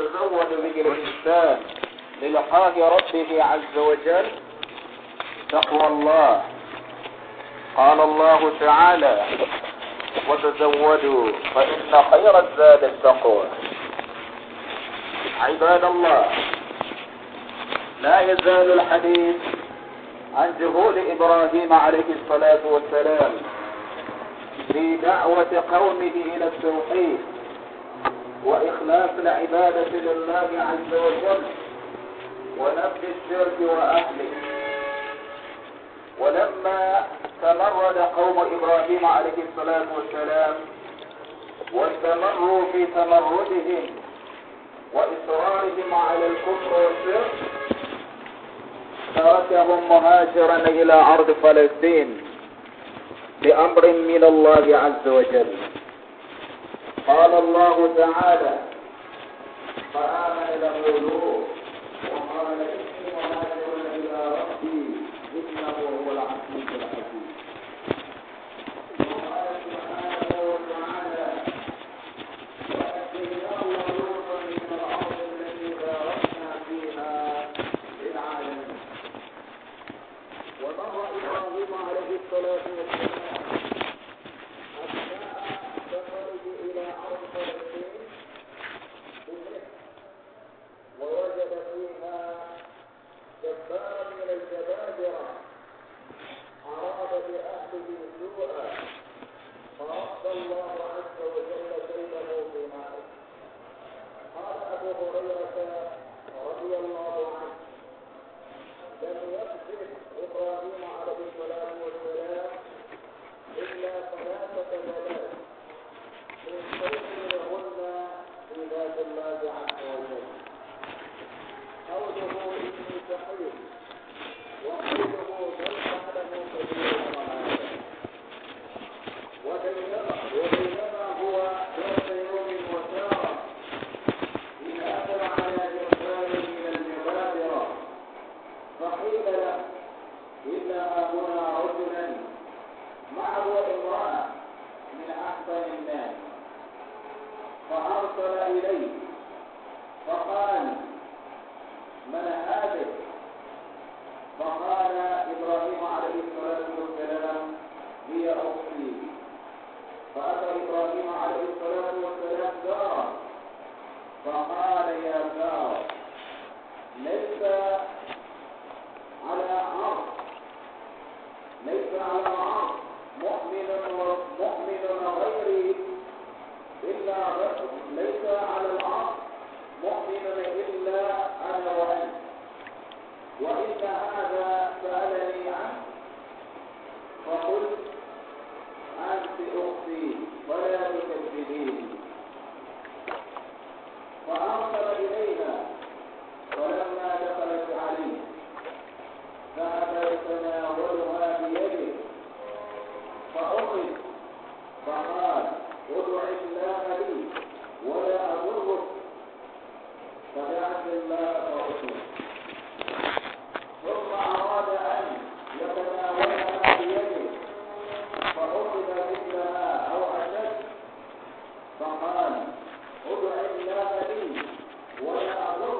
يتزود به الإنسان للقاء ربه عز وجل تقوى الله قال الله تعالى وتزودوا فإن خير الزاد التقوى عباد الله لا يزال الحديث عن جهود إبراهيم عليه الصلاة والسلام في دعوة قومه إلى التوحيد وإخلاص العبادة لله عز وجل ونفي الشرك وأهله ولما تمرد قوم إبراهيم عليه الصلاة والسلام واستمروا في تمردهم وإصرارهم على الكفر والشرك تركهم مهاجرا إلى أرض فلسطين بأمر من الله عز وجل قال الله تعالى فآمن له لوط وقال ليس على العصر مؤمنا إلا أنا وأنت وإن هذا سألني عنه فقلت أنت أختي ولا تكذبيني فأرسل إلينا ولما دخلت علي ذهب يتناولها بيده فأخذ فقال ادع الله لي ولا أضرك فجعلت الماء فأسوه ثم أراد أن يتناولها بيده فأخذ مثلها أو فقال ادع الله لي ولا أضرك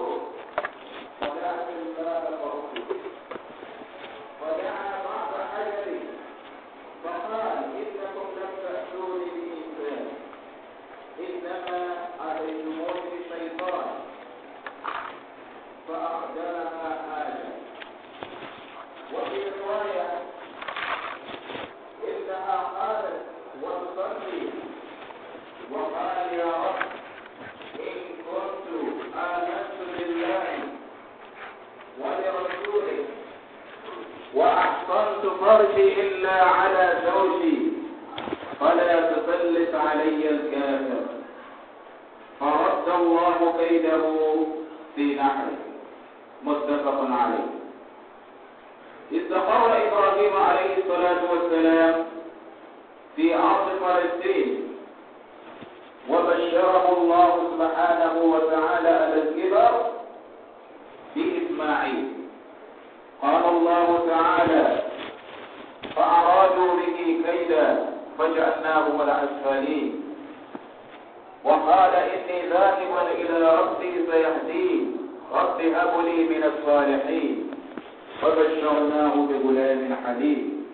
إني ذاهبا إلى ربي فيهديه رب هب لي من الصالحين فبشرناه بغلام حليم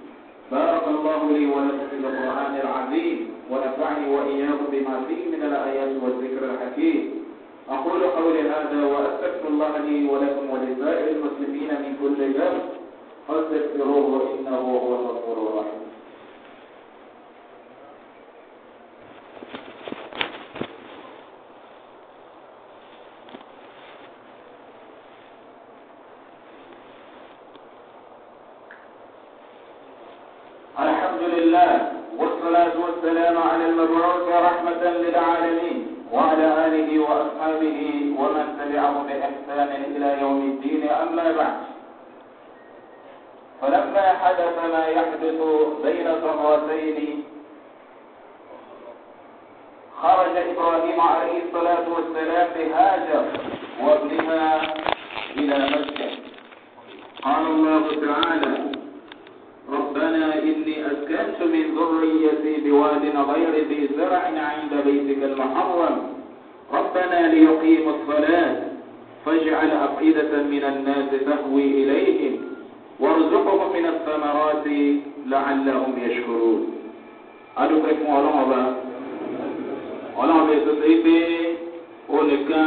بارك الله لي ولكم في القرآن العظيم ونفعني وإياكم بما فيه من الآيات والذكر الحكيم أقول قولي هذا وأستغفر الله لي ولكم ولسائر المسلمين من كل ذنب فاستغفروه إنه هو الغفور الرحيم خرج إبراهيم عليه الصلاة والسلام بهاجر وابنها إلى مكة قال الله تعالى ربنا إني أسكنت من ذريتي بواد غير ذي زرع عند بيتك المحرم ربنا ليقيموا الصلاة فاجعل أفئدة من الناس تهوي إليهم وارزقهم من الثمرات لعلهم يشكرون أدوكم ولهم ọlọ́run bẹ́ẹ̀ tó ṣe é pé ó nìkan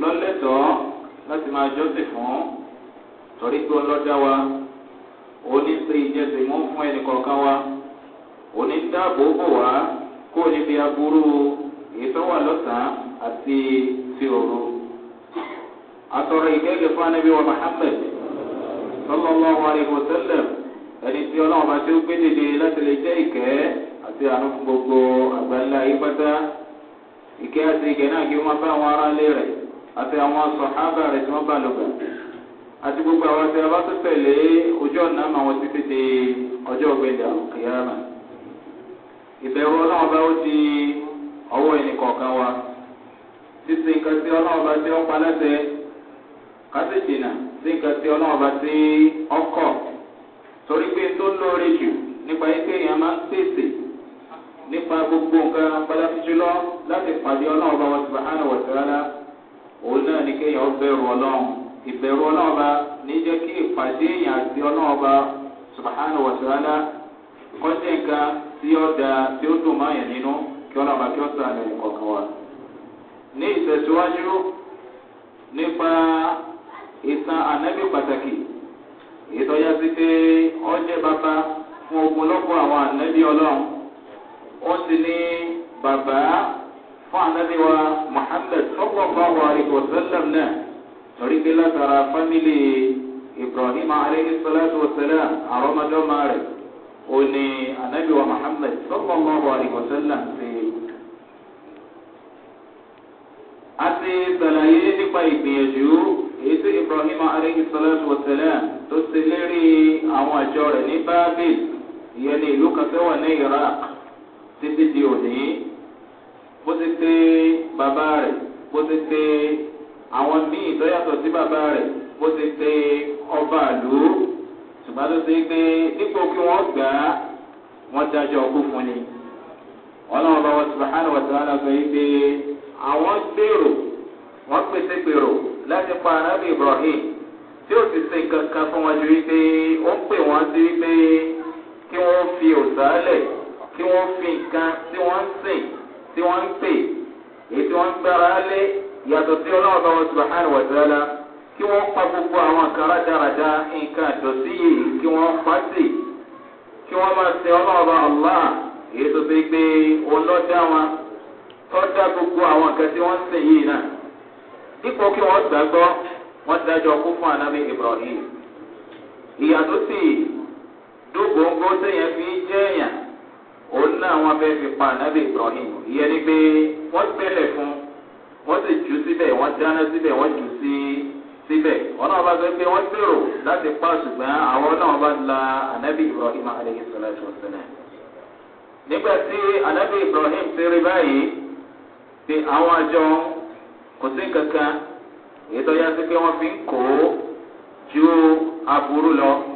lọ́lẹ́tọ̀ọ́ láti máa jọ́sìn fún torí pé ọlọ́dá wa oníṣe ìjẹsìn mú fún ẹnì kọ̀ọ̀kan wa onídàbò bò wá kó níbi aburú ìtọ́wà lọ́sàn-án àti ti òru. àtọ̀rọ̀ ìkẹ́kẹ́ fún anábí wa muhammed sallallahu alayhi wa sallam ẹni tí ọlọ́run bá ti ń gbé dìde láti lè jẹ́ ìkẹ́ àti àánú fún gbogbo àgbáńlá yìí pátá. ike àti ìgẹ̀ náà kí wọ́n bá àwọn ati ilé rẹ̀ àti àwọn sọ̀hábà rẹ̀ tí wọ́n bá gbogbo àwọn àti abá tó tẹ̀lé ojú ọ̀nà àmọ́ àwọn títí di ọjọ́ ọ̀gbẹ́dà kìyàmà. ìbẹ̀rù ọlọ́run ó di ọwọ́ ẹnìkọ̀ọ̀kan wa títí nǹkan tí ti ọ̀pá lẹ́sẹ̀ kásì jìnnà sí nǹkan tí ti ọkọ̀ torí pé nípa gbogbo nǹkan pàtàkì jùlọ láti pàdé ọlọ́run bá wọn ti bàhánà wọ̀ sára òun náà ní kéèyàn bẹ̀rù ọlọ́run ìbẹ̀rù ọlọ́run bá ní jẹ́ kí ìpàdé èèyàn àti ọlọ́run bá subahana wa sàlá kọjá nǹkan tí ó da tí ó dùn máa yàn nínú kí ọlọ́run bá kí ó sàlẹ̀ kọ̀ọ̀kan wa. ní ìtẹ̀síwájú nípa ìtàn ànábì pàtàkì ìtọ́já sí pé ọjẹ́ bàbá fún ànábìwá muhammed sọlọ́láhu alayhi wa sallam náà torí pé látara fámìlì ibrahim alayhi salatu wa salam àrọ́mọdọ́mọ rẹ̀ ó ní ànábìwá muhammed sọlọ́láhu alayhi wa sallam ṣe. a ti sàlàyé nípa ìgbìyànjú èyí tí ibrahim alayhi salatu wa salam tó ṣe lérí àwọn àjọ rẹ̀ ní bábìlì ìyẹn ní ìlú kan tó wà ní iraq títí di òní bó ti pé bàbá rẹ̀ bó ti pé àwọn míì lọ́yàtọ̀ sí bàbá rẹ̀ bó ti pé ọba àlú ṣùgbọ́n tó ti pé dípò kí wọ́n gbà á wọ́n dájọ́ ọkú fún ni. ọlọ́run bá wọn subahana wa ta'ala sọ yìí pé àwọn gbèrò wọ́n pèsè gbèrò láti pa arábì ibrahim tí ó ti se kankan fún wọn ju wípé ó ń pè wọ́n sí wípé kí wọ́n fi òsàálẹ̀ kí wọ́n fi nǹkan tí wọ́n sìn. tí wọ́n ń pè èyí tí wọ́n ń gbára lé yàtọ̀ sí ọlọ́run bá wọn kí wọ́n pa gbogbo àwọn nǹkan yìí kí wọ́n pa sí kí wọ́n máa ọlọ́run bá Allah èyí tó fi gbé ọlọ́dá wọn tọ́jà gbogbo àwọn tí wọ́n ń sìn yìí náà dípò kí wọ́n gbàgbọ́ wọ́n dájọ́ Ibrahim òun náà wọn fẹẹ fi pa anabi ibrahim ìyẹn ni pé wọn gbẹlẹ fún wọn sì jù síbẹ̀ wọn dáná síbẹ̀ wọn jù sí síbẹ̀ wọn náà bá sọ pé wọn gbèrò láti pa àwọn náà bá la anabi ibrahim aleyhi salatu wa nígbà tí anabi ibrahim ti rí báyìí ti àwọn àjọ kò sí kankan èyí tó yá sí pé wọn fi ń kó ju aburú lọ.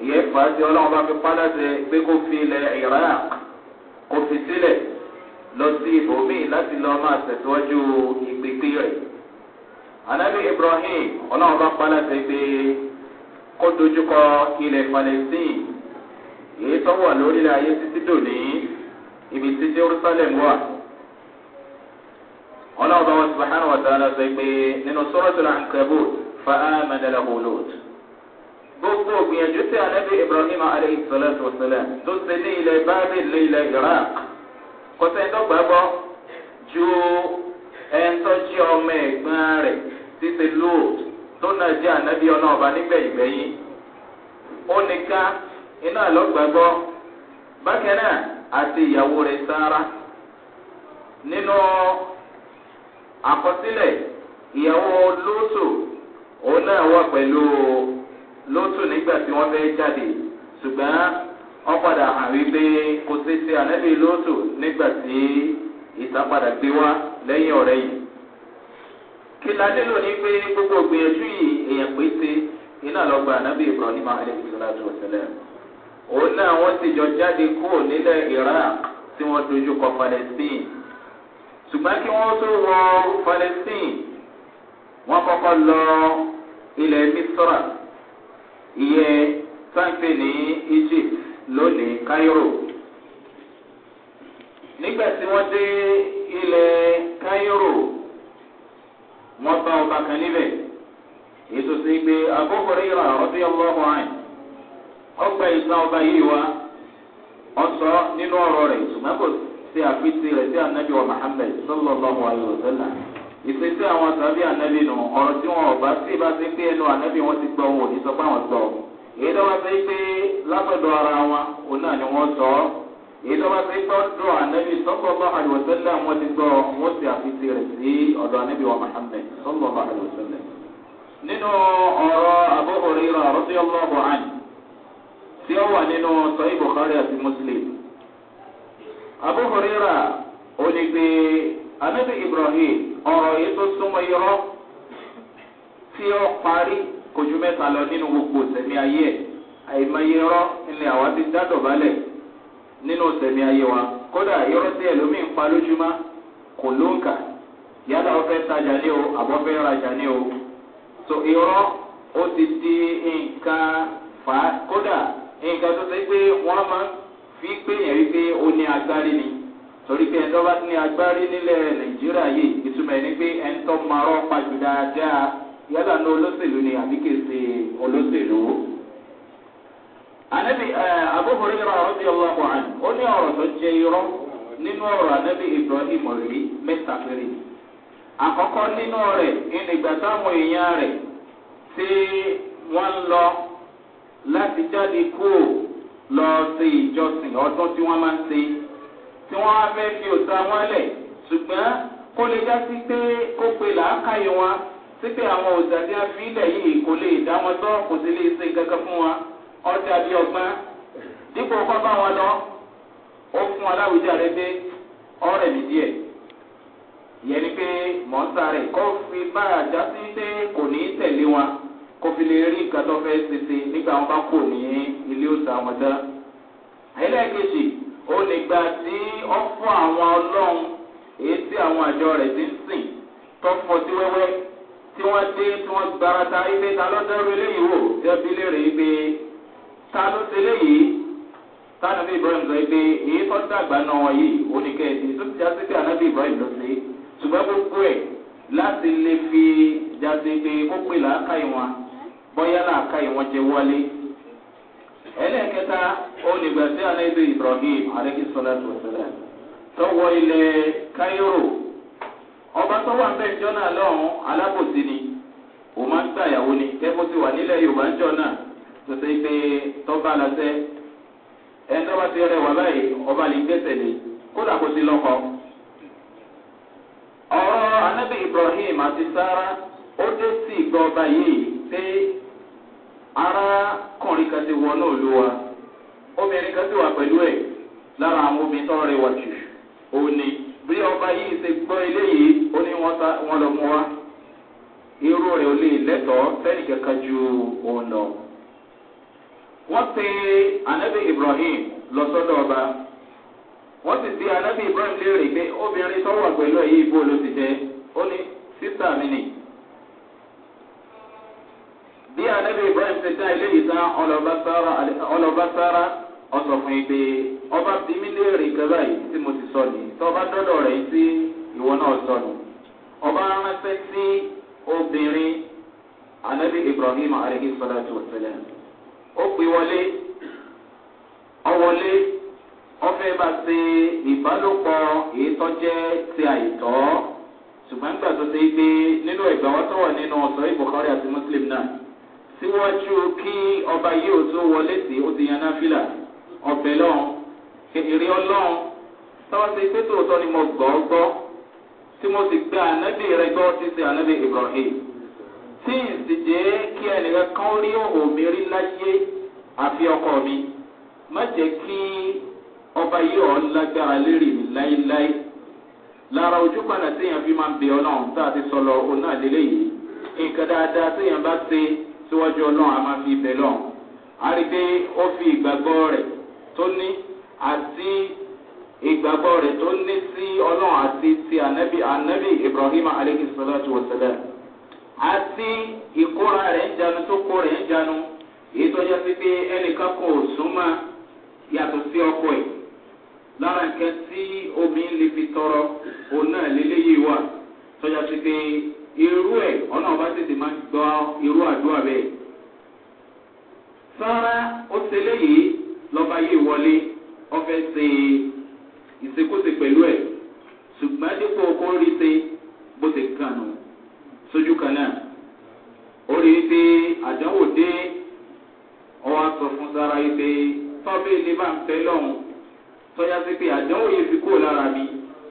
ìyẹn fàájì ọlọ́run bá fi padà ṣe pé kó fi ilẹ̀ iraq kó fi sílẹ̀ lọ sí ibòmíì láti lọ máa tẹ̀síwájú ìgbégbé rẹ̀. anabi ibrahim ọlọ́run bá padà ṣe pé kó dojúkọ ilẹ̀ palestine èyí tó wà lórílẹ̀ ayé títí dòní ibi tí jerusalem wà. ọlọ́run bá wọn subahana wa ta'ala ṣe pé nínú sọ́rọ́tò là ń kẹ́bù fa ámàdàlá wò lóòtù. gbogbo ògbìyànjú tí anabi ibrahim aleyhi salatu wasalam tó niile ní ilẹ̀ bábìl ní ilẹ̀ ju ẹ̀ńtọ́jú ọmọ ẹ̀gbọ́n rẹ̀ títí lóòt tó náà jẹ́ anabi ọ̀nà ọba nígbẹ̀yìngbẹ̀yìn ó nìkan iná lọ gbàgbọ́ bákan náà àti ìyàwó rẹ̀ sára nínú àkọsílẹ̀ ìyàwó lóòtù òun lótú nígbà tí wọ́n fẹ́ jáde ṣùgbọ́n wọ́n padà hàn wípé kò sí ṣe ànábì lótú nígbà tí ìsàpadà gbé wá lẹ́yìn ọ̀rẹ́ yìí. kí la nílò ní pé gbogbo ògbìyànjú yìí èèyàn pé ṣe iná lọ́gbà ànábì ibrahim alayhi salatu wa salam. òun náà wọ́n ti jọ jáde kúrò nílẹ̀ iraq tí wọ́n dojú kọ palestine. ṣùgbọ́n kí wọ́n tó wọ palestine wọ́n kọ́kọ́ lọ ilẹ̀ misra. ìyẹn sáńpẹ ní egypt lónìí cairo nígbà tí wọ́n dé ilẹ̀ cairo wọ́n bá ọba kan níbẹ̀ ètò sí pé akókòrò ìrà ọdún yọlọ ọkọ ọgbà ìsàn ọba yìí wá ọsọ nínú ọrọ rẹ ṣùgbọ́n kò sí àfitì rẹ sí anabi wa muhammed sallallahu alayhi wa ìṣesí àwọn tàbí ànábì nù ọ̀rọ̀ tí wọn ọ̀bá sí bá ti pé ẹnu ànábì wọn ti gbọ́ wọn ò ní sọ pé àwọn sọ èyí tó bá ti pé lápẹ̀dọ̀ ara wọn òun náà ni wọ́n sọ èyí tó bá ti pé ọ̀dọ̀ ànábì sọ́kọ̀ bá àlùwọ̀sẹ́lẹ̀ wọn ti gbọ́ wọn sì àfisí rẹ̀ sí ọ̀dọ̀ ànábì wa muhammed sọ́kọ̀ bá àlùwọ̀sẹ́lẹ̀. nínú ọ̀rọ̀ àbúhùrí rà rọ́bí àn tí ó wà ibrahim Ọrọ tó súnmọ́ irọ́ tí ó parí kojú mẹ́ta lọ nínú gbogbo sẹ̀mí ayé ẹ̀ àìmọye irọ́ ilẹ̀ àwa ti dá dọ̀bálẹ̀ nínú sẹ̀mí ayé wa kódà irọ́ tí ẹlòmíín pa lójúmọ́ kò ló ń kà yálà o so irọ́ di nǹkan kódà nǹkan tó ṣe pé wọ́n máa fi pé yẹn wípé ó ní torí pé ẹ̀ńtọ́ bá ní agbárí nílẹ̀ nàìjíríà yìí ìtumọ̀ ẹni pé ẹ̀ńtọ́ marọ́ pàjù dáadáa yálà ní olóṣèlú ni àbí kèsè olóṣèlú. anabi abúburú yìí rọrùn sí ọlọ́pàá àná ó ní ọ̀rọ̀ tó jẹ irọ́ nínú ọ̀rọ̀ anabi ibrahim rí mẹ́ta péré. àkọ́kọ́ nínú rẹ̀ ìnìgbà táwọn èèyàn rẹ̀ tí wọ́n ń lọ láti jáde kúrò lọ sí ìjọsìn ọdún tí wọ́n máa ń tí wọ́n á fẹ́ fi òòtà wọn lẹ̀ ṣùgbọ́n kó lè já sí pé kó pe làákàyè wọn sí pé àwọn òòtà tí a fi lẹ̀ yìí kò lè dá wọn tọ́ kò sì lè ṣe kankan fún wọn ọjà bí ọgbọ́n dípò kọ́ bá wọn lọ ó fún ni pé rẹ̀ kó fi bá àjá sí pé kò ní tẹ̀lé wọn kó ó lè gba tí ó fún àwọn ọlọ́run èyí tí àwọn àjọ rẹ̀ ti ń sìn sí wẹ́wẹ́ tí wọ́n dé tí wọ́n gbarata ibi ta ló dẹ́rù eléyìí wò jẹ́bi léèrè ibi ta ló ṣe léyìí tánàbí ibrahim sọ pé èyí tó dàgbà náà tó ti pé ibrahim lọ sí ṣùgbọ́n ẹlẹ́ẹ̀kẹta onígbà tí anabi ibrahim Arikisola salatu wa salam ilẹ̀ ọba tó wà bẹ́ẹ̀ náà lọ́hùn alábòsí ni òun máa ń gbà ni kẹ́kọ̀ọ́ ti wà nílẹ̀ yorùbá ń náà tó pé tọ́ba ẹni tọ́ba ti ti lọ́kọ. ọ̀rọ̀ anabi ibrahim àti sara ó dé ọba yìí pé arákùnrin kan ti wọnú òlu wa obìnrin kan ti wà pẹ̀lú ẹ̀ lára àwọn obìnrin tó rẹwà jù òní bí ọba yìí ṣe gbọ́ yìí, ó ní wọ́n lọ mú wa irú rẹ̀ ò lè lẹ́tọ̀ọ́ kankan ju òun wọ́n ti anabi ibrahim lọ sọ́dọ̀ wọ́n ti anabi ibrahim léèrè pé obìnrin pẹ̀lú ẹ̀ yìí bó ló ti jẹ́ ó anabi ibrahim ṣe tán ilé yìí tán ọlọ́ba sára ọ̀sọ̀ fún ìgbé ọba bí mi léèrè gẹ́gẹ́ yìí tí mo ti sọ ni tọ́ba dọ́dọ̀ rẹ̀ tí ìwọ náà sọ ni ọba ránṣẹ́ sí obìnrin anabi ibrahim aleyhi salatu wa salam ó pè wọlé ọwọlé ọfẹ bá ṣe ìbálòpọ̀ ètò jẹ́ ti àìtọ́ ṣùgbọ́n gbà tó ṣe é gbé nínú ìgbà wọ́n tó wà nínú ọ̀sọ́ ìbùkọ́rí àti muslim náà síwájú kí ọba yìí ó tó wọlé sí ó ti yan náfìlà ọ̀bẹ lọ́hùn èrè ọlọ́hùn táwọn ti pé tòótọ́ ni mo gbọ́ gbọ́ tí mo sì gbé ànábì rẹ gbọ́ títí ànábì ibrahim tí n sì jẹ́ kí ẹnìkan kan rí òhùn mi rí láyé àfi ọkọ mi má jẹ́ kí ọba yìí ọ̀ lágbára lérè mi láéláé lára ojú padà téèyàn fi máa ń bẹ ọlọ́run tá a ti sọ lọ òun náà lélẹ́yìí nǹkan dáadáa téèyàn bá ṣe síwájú ọlọ́run a máa fi ibẹ̀ lọ́run a rí i pé ó fi ìgbàgbọ́ rẹ̀ tó ní àti ìgbàgbọ́ rẹ̀ tó ní sí ọlọ́run àti ti anabi anabi ibrahim aleyhi salatu wa salam àti ìkóra rẹ̀ ń janu tó kó rẹ̀ ń janu èyí tó yẹ sí pé ẹnìkan kò súnmọ́ yàtọ̀ sí ọkọ ẹ̀ lára nǹkan tí omi ń lè fi tọrọ òun náà lélẹ́yìí wà tó yẹ sí pé irú ẹ̀ ọ̀nà ọba tètè máa gbọ́ irú àdúrà bẹ́ẹ̀. sára ó ṣe léyìí lọ́ba yìí wọlé ọfẹ́ ṣe ìṣekúṣe pẹ̀lú ẹ̀ ṣùgbọ́n dípò kó rí ṣe bó ṣe kànú sójú kan náà ó rí i pé àdánwò dé ọwọ́ sọ fún sára yìí pé tọ́bí ni bá ń fẹ́ lọ́hùn tọ́já sí pé àdánwò yìí fi kúrò lára mi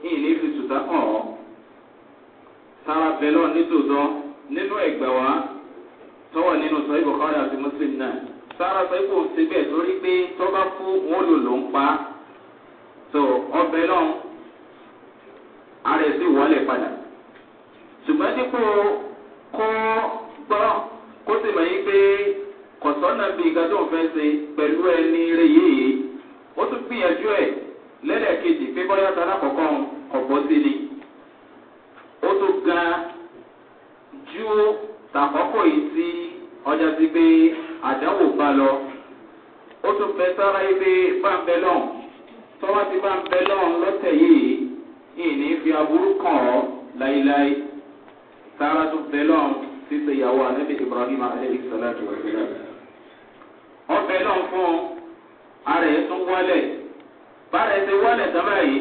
ìyìn ní fi tùtà hàn ọ́. sára bẹ́lọ̀ nítòótọ́ nínú egbawa wa n'inu nínú sọ ibùkọ́rẹ́ àti muslim náà sára sọ síbẹ̀ torí pé tọ́ba fún wọn lò ló ń pa tó ọbẹ̀ náà ara ẹ̀ wọlé padà ṣùgbọ́n dípò kó gbọ́ kó sì mọ̀ yí pé kọ̀sọ́nà bíi gàdó òfin ṣe pẹ̀lú ẹni rẹ̀ yìí ó tún gbìyànjú ẹ̀ lẹ́lẹ̀kejì pé gan ju tàkọ́kọ́ yìí tí ọjà ti pé àdánwò bá lọ ó tún fẹ́ sára yìí pé báńbẹ́ lọ́n tọ́wọ́ ti báńbẹ́ lọ́n lọ́tẹ̀ yìí ìní fi aburú kàn ọ́ láíláí sára tún bẹ́ lọ́n síse ìyàwó anabi ibrahim alayhi salatu wa salam ọbẹ̀ lọ́n fún ara ẹ̀ tún wọlé bára ẹ̀ ti wọlé dábàá yìí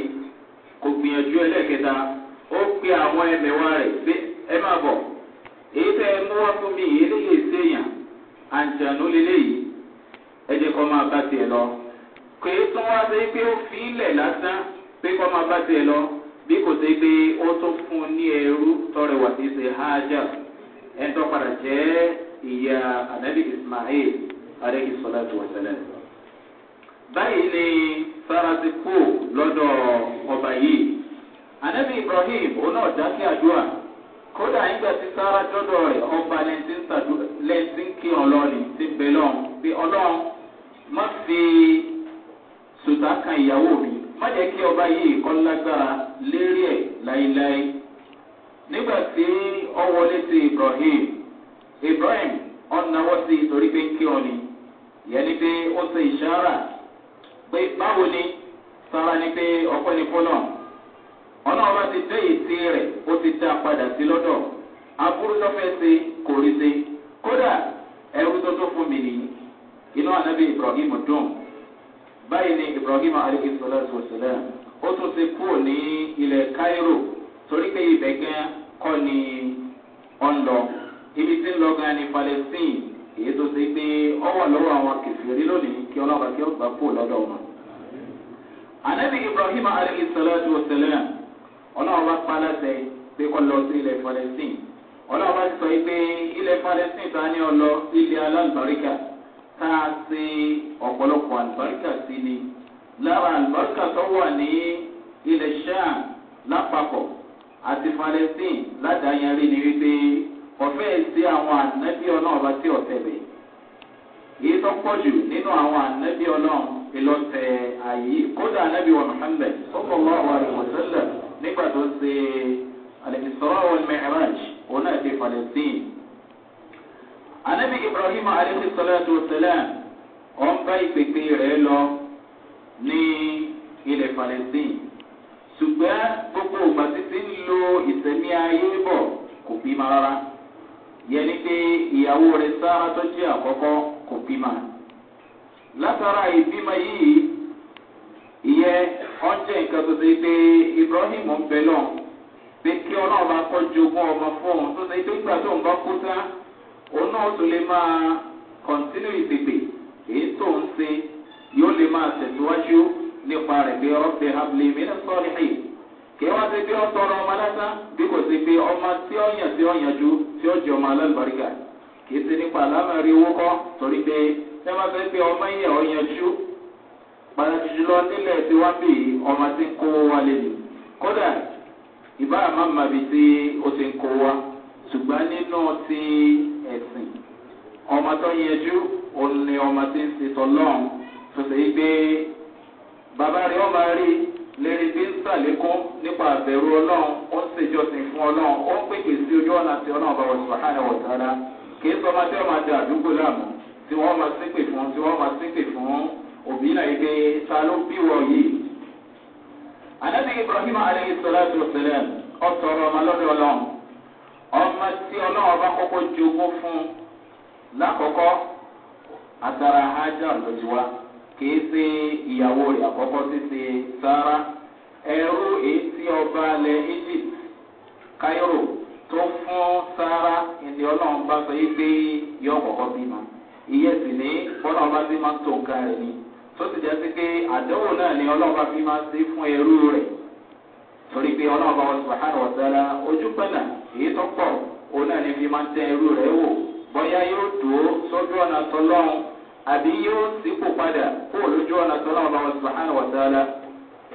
kò gbìyànjú ẹlẹ́kẹta. ó pe àwọn ẹmẹ̀wá rẹ̀ pé ẹ má bọ̀ èyí tẹ́ mú wá fún mi eléyìí séèyàn àǹjànú leléyìí ẹ jẹ́ kọ́ máa bá tiẹ̀ lọ. kò é tún wá sí pé ó fi ilẹ̀ lásán pé kọ́ máa bá tiẹ̀ lọ bí kò sí pé ó tún fún un ní ẹrú tọrẹ wà ṣe hájà ẹ tó padà jẹ́ ìyá anabi ismail báyìí ni ọba yìí. anabi ibrahim òun náà dákẹ́ àdúrà kódà nígbà tí sára dọ́dọ̀ rẹ̀ ọba lẹ́ńtí kí ọlọ́ọ̀ni ti bẹ̀ lọ́n pé ọlọ́run má fi sùtà kan ìyàwó mi má jẹ́ kí ọba yìí kọ́ lágbára lérí ẹ̀ láéláé nígbà tí ọ wọlé sí ibrahim ibrahim ọ̀nàwọ́ sí torí pé kí ọ ni yẹni pé ó ṣe ìṣára pé báwo ni sára ni pé ọpẹ́ ni fọlọ́n ọlọ́run bá ti dé ète rẹ̀ ó ti dá padà sí lọ́dọ̀ aburú tó fẹ́ ṣe kò rí ṣe kódà ẹrú tó tó fún mi ní inú ànábì ibrahim dùn báyìí ni ibrahim alayhi salatu ó tún ti kú ní ilẹ̀ cairo torí pé ibẹ̀ gan kọ́ ni ó ń lọ ibi tí ń lọ gan ni palestine èyí tó ṣe pé ọ wà lọ́wọ́ àwọn kìfìrí lónìí kí ọlọ́run bá kí ó gbà kú lọ́dọ̀ wọn. ànábì ibrahim alayhi salatu ọlọ́run bá pa aláṣẹ pé kọ́ lọ sí ilẹ̀ palestine ọlọ́run bá sọ pé ilẹ̀ palestine ta ni ọlọ ilẹ̀ alálùbáríkà tá a ṣe ọ̀pọ̀lọpọ̀ alùbáríkà sí ni lára alùbáríkà tó wà ní ilẹ̀ sham lápapọ̀ àti palestine ládàáyanrí ni wípé ọ̀fẹ́ sí àwọn ànábí ọlọ́run bá tí ọ̀tẹ̀ bẹ̀ èyí tó pọ̀ jù nínú àwọn ànábí ọlọ́run ìlọ̀tẹ̀ àyè kódà ànábí wa muhammed sọ́kọ̀ọ́ wa rẹ̀ wọ̀ sẹ́lẹ̀ nígbà tó ṣe alẹ́kìsọ́rọ́ àwọn mẹ́rẹ́j òun náà ṣe palestine. anabi ibrahim alẹ́kìsọ́láàtò sẹ́lẹ̀m ọ̀n bá ìpèpè rẹ̀ lọ ní ilẹ̀ palestine. ṣùgbọ́n gbogbo ògbà títí ń lo ìsẹ̀mí ayé bọ̀ kò bímọ rárá. yẹni pé ìyàwó rẹ̀ sára tó jẹ́ àkọ́kọ́ kò bímọ. látara ìbímọ yìí ìyẹn ọjọ́ nǹkan tó ṣe pé ibrahim ń bẹ lọ pé kí ọlọ́run bá kọ́ jogún ọmọ fún òun tó ṣe pé ìgbà tó ń bá kú tán òun náà tó lè máa kọ̀ntínú ìdìbè èyí tó ń ṣe yóò lè máa tẹ̀síwájú nípa rẹ̀ pé ọ̀bẹ abúlé mi náà sọ̀rọ̀ ẹ̀yìn kí wọ́n ti pé ọ̀tọ̀rọ̀ ọmọ lásán bí kò sí pé ọmọ tí ó yàn tí ó yànjú tí ó jẹ ọmọ alálùbáríkà kì í ti nípa àlámọ̀ rí owó kọ́ torí pé ṣé fẹ́ pé ọmọ yẹn ọ̀ yànjú pàtàkì jùlọ nílẹ̀ tí wọ́n bì ọmọ tí ń kówó wa lè lò kódà ìbá àmà màbí tí ó ti ń kówó wa ṣùgbọ́n nínú ti ẹ̀sìn ọmọ tó yẹjú òun ni ọmọ tí ń ṣe tọ́lọ́run tòṣe yí pé bàbá rẹ̀ ọmọ rí lérí bí ń sàlékún nípa àbẹ̀rù ọlọ́run ó ń ṣèjọsìn fún ọlọ́run ó ń pèpè sí ojú ọ̀nà tí ọlọ́run bá wọ sùhánà wọ̀ sára kì í sọ ọmọdé ọmọdé àdúgbò láàmú tí wọ́n máa ṣépè fún tí wọ́n máa ṣépè fún òbí náà yìí pé ta ló bí wọ yìí. ànábì ibrahim aleyhi salatu wa salam ọ̀tọ̀rọ̀ ọmọ lọ́dọ̀ ọlọ́run ọmọ tí ọlọ́run bá kọ́kọ́ jogún fún lákọ̀ọ́kọ́ atara hajar ló ti wá kìí ṣe ìyàwó rẹ̀ àkọ́kọ́ ṣíṣe sára ẹrú èyí tí ọba alẹ́ egypt cairo tó fún sára ìdí ọlọ́run bá sọ yìí pé yọ ọ̀kọ̀ọ̀kọ́ bímọ ìyẹn ní bọ́lá ọba bímọ tó nǹkan rẹ̀ ni tó sì jẹ́ sí pé àdéhùn náà ni ọlọ́ọ̀bá fi máa ṣe fún ẹrú rẹ̀ torí pé ọlọ́ọ̀bá wọn sùn àárọ̀ ọ̀tẹ́lá ojú pẹ̀lá èyí tó pọ̀ òun náà ni fi máa ń tẹ ẹrú rẹ̀ wò bọ́yá yóò dúró sójú ọ̀nà tọ́lọ́run àbí yóò sípò padà kó lójú ọ̀nà tọ́lọ́run ọba wọn sùn àárọ̀ ọ̀tẹ́lá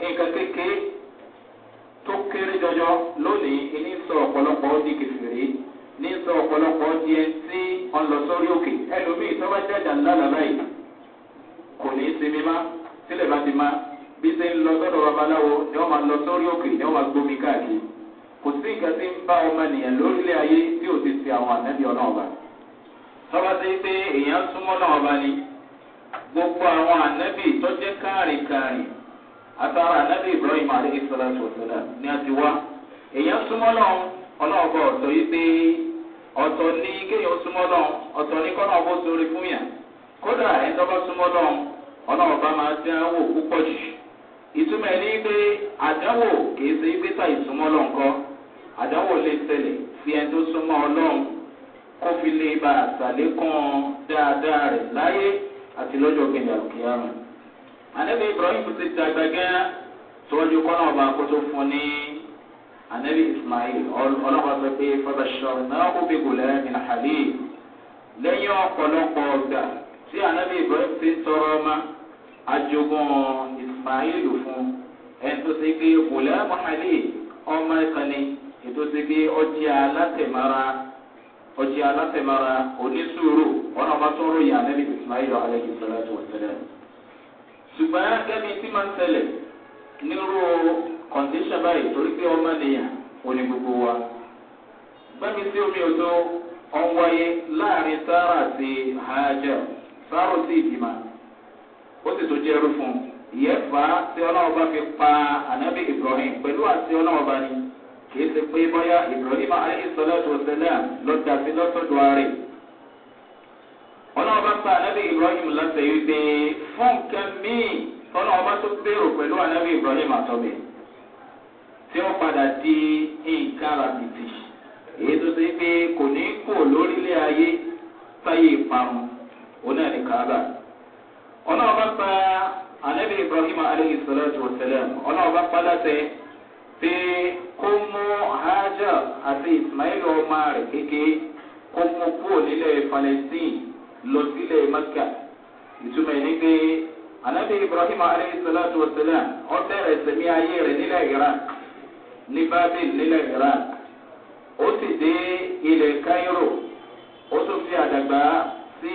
nǹkan kékeré tó kéré jọjọ lónìí ní sọ ọ̀pọ̀lọpọ̀ ó di kẹfìrí ní sọ ọ̀pọ̀lọpọ̀ ó di ẹ sí ọlọ́sórí òkè ẹlòmíì tó bá jẹ́ àjà ńlá làbáyìí kò ní í sinmi má sílẹ̀ bá ti má bí ṣe ń lọ sọ́dọ̀ babaláwo ni wọ́n máa lọ sórí òkè ni wọ́n máa gbómi káàkiri kò sí nǹkan tí ń bá ọmọ nìyẹn lórílẹ̀ ayé tí ò ti àwọn ọ̀nà ni gbogbo àwọn àtàrà ibrahim aleyhi salatu wa ni a ti wá èèyàn súnmọ́ náà ọ̀tọ̀ yìí pé ọ̀tọ̀ ní kéèyàn súnmọ́ náà ọ̀tọ̀ ní kọ́nà kódà ẹ̀ńdọ́bá súnmọ́ ọnụọba ma máa dán wò púpọ̀ jù ìtumọ̀ ẹni pé àdánwò kìí ṣe pé ta ìsúnmọ́ lọ́hùn kọ́ àdánwò lè tẹ̀lé fi ẹni tó súnmọ́ ọlọ́run kó fi lè ba àtàlékún dáadáa rẹ̀ láyé àti lọ́jọ́ ibrahim ti dàgbà ismail náà ó bí mi tí anabi ibrahim ti ń tọrọ ọmọ ajogun ismail fún ẹni tó ṣe pé gùlẹ́ mọ́hálì ọmọ ìkànnì ètò ṣe pé ọjí alátẹ̀mára ọjí alátẹ̀mára onísùúrù wọn ọba tó ń ròyìn anabi ismail alayhi salatu wa salam. ṣùgbọ́n gẹ́gẹ́ tí máa ń tẹ̀lé nírú kọ̀ǹdíṣà báyìí torí pé ọmọ nìyàn òní gbogbo wa. gbẹ́mi sí omi ọ̀dọ́ ọ̀n láàrin sára àti hajar báwo sí ìdìmọ̀ ó sì tún jẹ́rú fún un ìyẹn fà á tí ọlọ́run bá fi pa ànábì ibrahim pẹ̀lú àti ọlọ́run bá ní kì í ti pé bọ́yá ibrahim aláìsọ̀lẹ́tò sẹ́lẹ̀ lọ́jà sí lọ́sọ̀dọ̀ ààrẹ. ọlọ́run bá pa ànábì ibrahim lọ́sẹ̀ yìí pé fún nǹkan míì ọlọ́run bá tó gbèrò pẹ̀lú ànábì ibrahim àtọ́bẹ̀ tí wọ́n padà di nǹkan ràbìtì èyí tó ṣe pé kò ní kú lórílẹ̀ ayé táyé ìparun òun náà ní kaaba ọlọ́wọ́ bá pa anabi ibrahim aleyhi salatu wa salam ọlọ́wọ́ bá pa láti pé kó mú hajar àti ismail ọmọ rẹ̀ kékeré kó mú kúrò nílẹ̀ palestine lọ sílẹ̀ maka ìtumọ̀ ẹni pé anabi ibrahim aleyhi salatu wa salam ọ bẹ̀rẹ̀ sẹ́mi ayé rẹ̀ nílẹ̀ iraq ní babil nílẹ̀ iraq ó sì dé ilẹ̀ cairo ó tún fi àdàgbà sí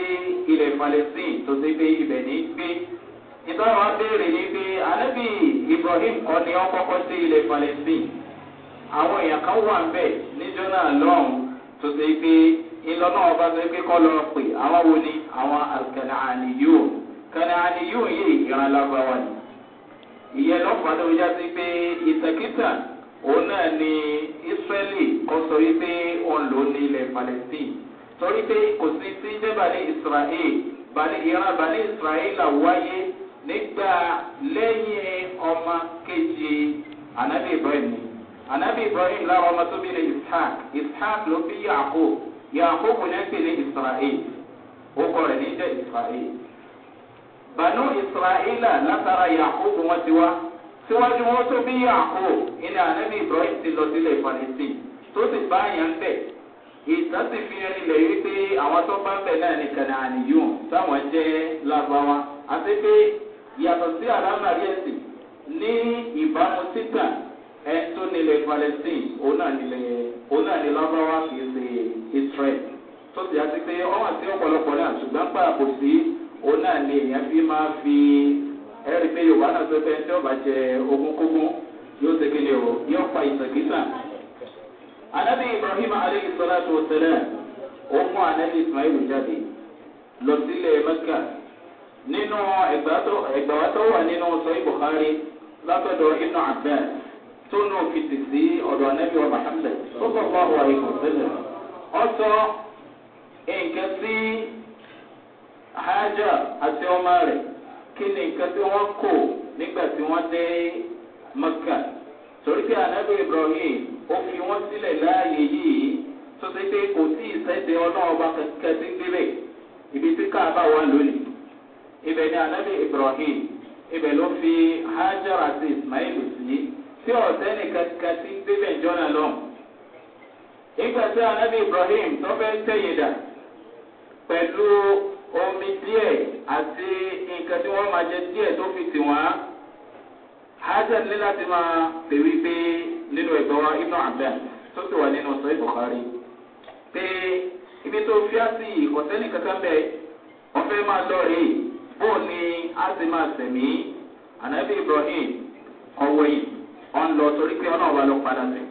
ilẹ̀ palestine tó ti gbé ibẹ̀ ní gbé ìtọ́nà wa béèrè ní pé alẹ́bí ibrahim kọ́ ni wọ́n kọ́kọ́ sí ilẹ̀ palestine àwọn èèyàn kan wà ń bẹ̀ níjọ́ náà lọ́hùn tó ti gbé ìlọ́nà ọba tó gbé kọ́ lọ pé àwọn wo ni àwọn alkanaaniyu kanaaniyu yìí ìran lágbára ni ìyẹn lọ́pàá tó yá sí pé ìtẹ̀kítà òun náà ni israeli kọ́ sọ wípé òun lò ní ilẹ̀ palestine torí pé kò sí sí jẹ́ balẹ̀ israel balẹ̀ ìran balẹ̀ israel là wáyé nígbà lẹ́yìn ọmọ kejì anabi ibrahim anabi ibrahim lára ọmọ tó bí ní ishaq ishaq ló bí yaako yaako kò ní pè ní israel ó kọ rẹ̀ ní jẹ́ israel banu israel látara yaako kò wọ́n ti wá síwájú wọn tó bí yaako ìní anabi ibrahim ti lọ sílẹ̀ falẹ́sìn tó sì bá yẹn bẹ́ẹ̀ ìtàn sì fi ẹni lẹ̀ wípé àwọn tó bá ń bẹ̀ náà ní kànáàní yóò táwọn jẹ́ lágbáwá àti pé yàtọ̀ sí àlámàrí ẹ̀sìn ní ìbámu títà ẹ̀ tó nílẹ̀ palestine òun náà nílẹ̀ òun náà ní lágbáwá kì í ṣe israel tó sì àti pé ọ̀hún àti ọ̀pọ̀lọpọ̀ náà ṣùgbọ́n pààbò sí òun náà ní èèyàn fi máa fi ẹ̀rí pé yorùbá náà tó fẹ́ tí ọba jẹ ogúnkógún yóò ṣe kí ni o yóò fa ìtàkìtà anabi ibrahim aleyhi salatu wa salam ó mú anabi ismail jáde lọ sílẹ̀ mẹ́kà nínú ẹgbàá tó wà nínú sọ́yìn buhari látọ̀dọ̀ ibnu abdul tó nù fìtì sí ọ̀dọ̀ anabi wa muhammed tó sọ fún àwọn àìkú sílẹ̀ ọ̀sọ́ nǹkan sí hajar àti ọmọ rẹ̀ kí ni nǹkan tí wọ́n kò nígbà tí wọ́n dé mẹ́kà torí pé ànábì ibrahim ó fi wọ́n sílẹ̀ láàyè yìí tó ṣe pé kò sí ìṣẹ́dẹ ọlọ́ọ̀bá kẹ̀kẹ́ tí ń débẹ̀ ibi tí káàbà wà lónìí ibẹ̀ ni ànábì ibrahim ibẹ̀ ló fi hajar àti ismail sí tí ọ̀sẹ́ nìkan kẹ̀kẹ́ tí ń débẹ̀ jọ́nà lọ́hùn. ìgbà tí ànábì ibrahim tó fẹ́ tẹ̀yẹ̀dà pẹ̀lú omi díẹ̀ àti nǹkan tí wọ́n máa jẹ díẹ̀ tó fi tì wọ́n á hasan ní láti máa pè wípé nínú ẹ̀gbọ́n wa ibnu abdul tó ti wà nínú sọ́yìn buhari pé ibi tó fi á sí ìkọ̀sẹ́nì kankan bẹ́ẹ̀ wọ́n fẹ́ máa lọ rèé bóò ni a ti máa sẹ̀mí anabi ibrahim ọ̀wẹ̀yìn ọ̀n lọ torí pé ọ̀nà ọ̀bà ló padà sí.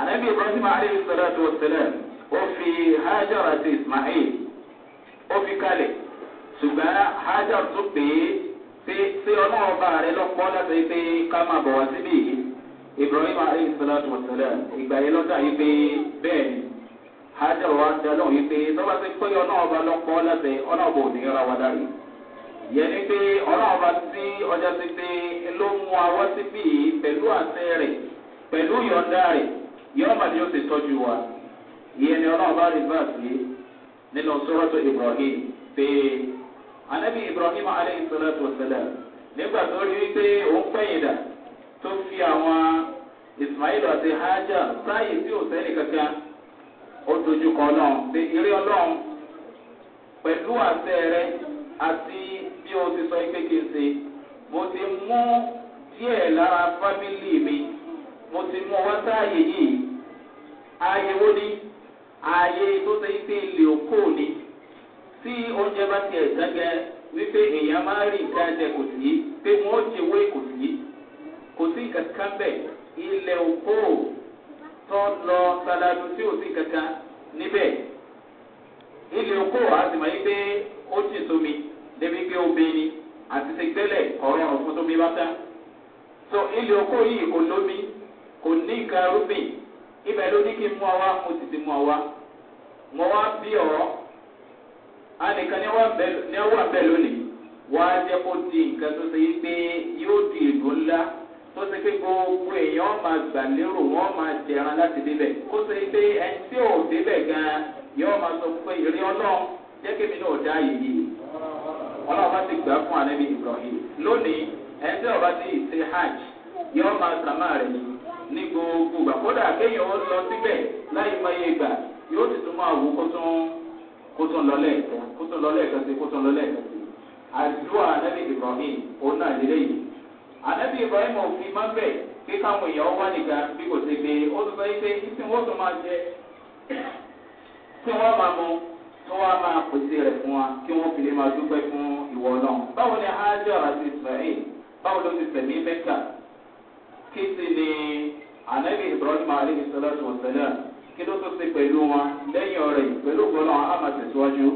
anabi ibrahim aleyhi salatu wa ó fi hajar àti ismail ó fi kalẹ̀ ṣùgbọ́n hajar tún pè é. ṣe ọlọ́run bá rẹ lọ́pọ̀ láti rí pé ká máa bọ̀ wá síbí ibrahim aleyhi salatu ìgbà yẹn lọ́dà yìí pé bẹ́ẹ̀ ni hajar wa dá lọ́hùn yìí pé tọ́ba ti pé bá lọ́pọ̀ láti ra wa dárí yẹn ni pé bá ọjà pé ló mú síbí pẹ̀lú àṣẹ rẹ̀ pẹ̀lú yọ̀ǹda rẹ̀ ni ó ti tọ́jú wa yẹn ni bá rí anabi ibrahim aleyhi salatu wa salam nígbà tó rí wípé òun pẹ̀yìndà tó fi àwọn ismail àti hajja sáyè tí ò sẹ́ni kankan ó dojú kan náà ṣe eré ọlọ́run pẹ̀lú àṣẹ rẹ àti bí o ti sọ pé mo ti mú díẹ̀ lára fámìlì mi mo ti mú wá sáàyè yìí ààyè wo ni ààyè tó ṣe pé ilé òkú ni tí oúnjẹ bá ti ẹ̀dá gẹ wípé èèyàn máa rí nǹkan ẹ̀jẹ̀ kò sí pé wọ́n ti wé kò sí kò sí kankan bẹ́ẹ̀ ilẹ̀ òkú tó lọ sàlàdù tí ò sí kankan níbẹ̀ ilẹ̀ òkú àtìmọ̀ yìí pé ó jì sómi débi pé omi ni àti ti gbẹ́lẹ̀ ọ̀rọ̀ ọ̀rọ̀ tómi bá tán so ilẹ̀ òkú yìí kò lómi kò ní nǹkan rúbìn ibẹ̀ ló ní kí n mú ọ wá mo sì ti mú ọ wá mo wá bí ọ̀rọ̀. anìkan ni wà bẹ́ẹ̀ lónìí wá jẹ́ kó di nǹkan tó ṣe pé yóò di ìlú ńlá tó ṣe pé gbogbo èèyàn máa gbà lérò wọ́n máa jẹran láti débẹ̀ kó ṣe pé ẹni tí ò débẹ̀ gan-an yóò máa sọ pé ọlọ́run jẹ́ náà dá yìí ọlọ́run bá ti gbà fún àlẹ́bí ibrahim lónìí ẹni tí ọba ti ṣe hajj yóò máa sàmà rẹ̀ kó tún lọ lẹ́ẹ̀kan kó tún lọ lẹ́ẹ̀kan sí kó tún lọ lẹ́ẹ̀kan sí àdúrà anabi ibrahim òun náà lélẹ́ yìí anabi ibrahim òfin máa ń bẹ̀ pé káwọn èèyàn wá nìkan bí kò ṣe gbé ó tún sọ yìí pé kí tí wọ́n tún máa jẹ tí wọ́n máa mu tí wọ́n máa pèsè rẹ̀ fún wa kí wọ́n fi lè máa dúpẹ́ fún ìwọ náà báwo ni hajar àti ismail báwo ló ti tẹ̀lé mẹ́ta kí sì ni anabi ibrahim alayhi salatu wa salam. kí ló tó ṣe pẹ̀lú wọn lẹ́yìn ọ̀rẹ́ yìí pẹ̀lú gbọ́dọ̀ á máa tẹ̀síwájú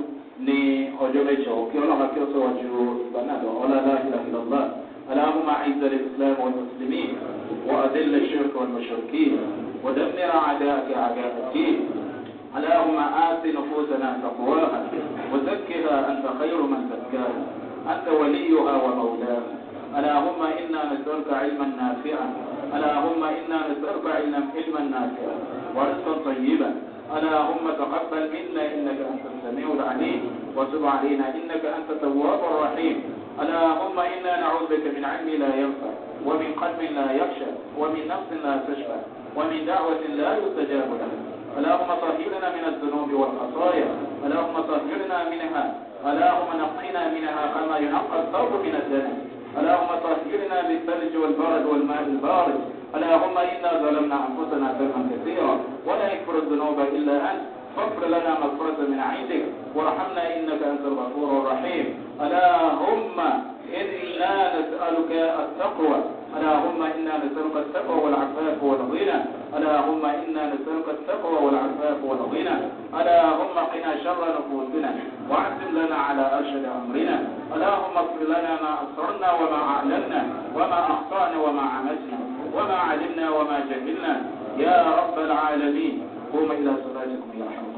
ní ọjọ́ mẹ́jọ kí ọlọ́run kí ó sọ wájú ìgbà náà lọ ọlọ́lá ìlànà أعز الإسلام والمسلمين وأذل الشرك والمشركين ودمر أعداءك أعداء الدين اللهم آت نفوسنا تقواها وزكها أنت خير من زكاها أنت وليها ومولاها اللهم إنا نسألك علما نافعا اللهم إنا نسألك علما علما نافعا ورزقا طيبا اللهم تقبل منا إنك أنت السميع العليم وتب علينا إنك أنت التواب الرحيم اللهم إنا نعوذ بك من علم لا ينفع ومن قلب لا يخشى ومن نفس لا تشفى ومن دعوة لا يستجاب لها اللهم طهرنا من الذنوب والخطايا اللهم طهرنا منها اللهم نقنا منها كما ينقى الثوب من الدنس اللهم طهرنا بالثلج والبرد والماء البارد اللهم إنا ظلمنا أنفسنا ظلما كثيرا ولا يكفر الذنوب إلا أنت فاغفر لنا مغفرة من عندك وارحمنا إنك أنت الغفور الرحيم اللهم إنا نسألك التقوى اللهم إنا نسألك التقوى والعفاف والغنى اللهم إنا نسألك التقوى والعفاف والغنى اللهم قنا شر نفوسنا واعزم لنا على أرشد أمرنا اللهم اغفر لنا ما أسررنا وما أعلنا وما أخطأنا وما عملنا وما علمنا وما جهلنا يا رب العالمين قوم إلى صلاتكم يا حبيب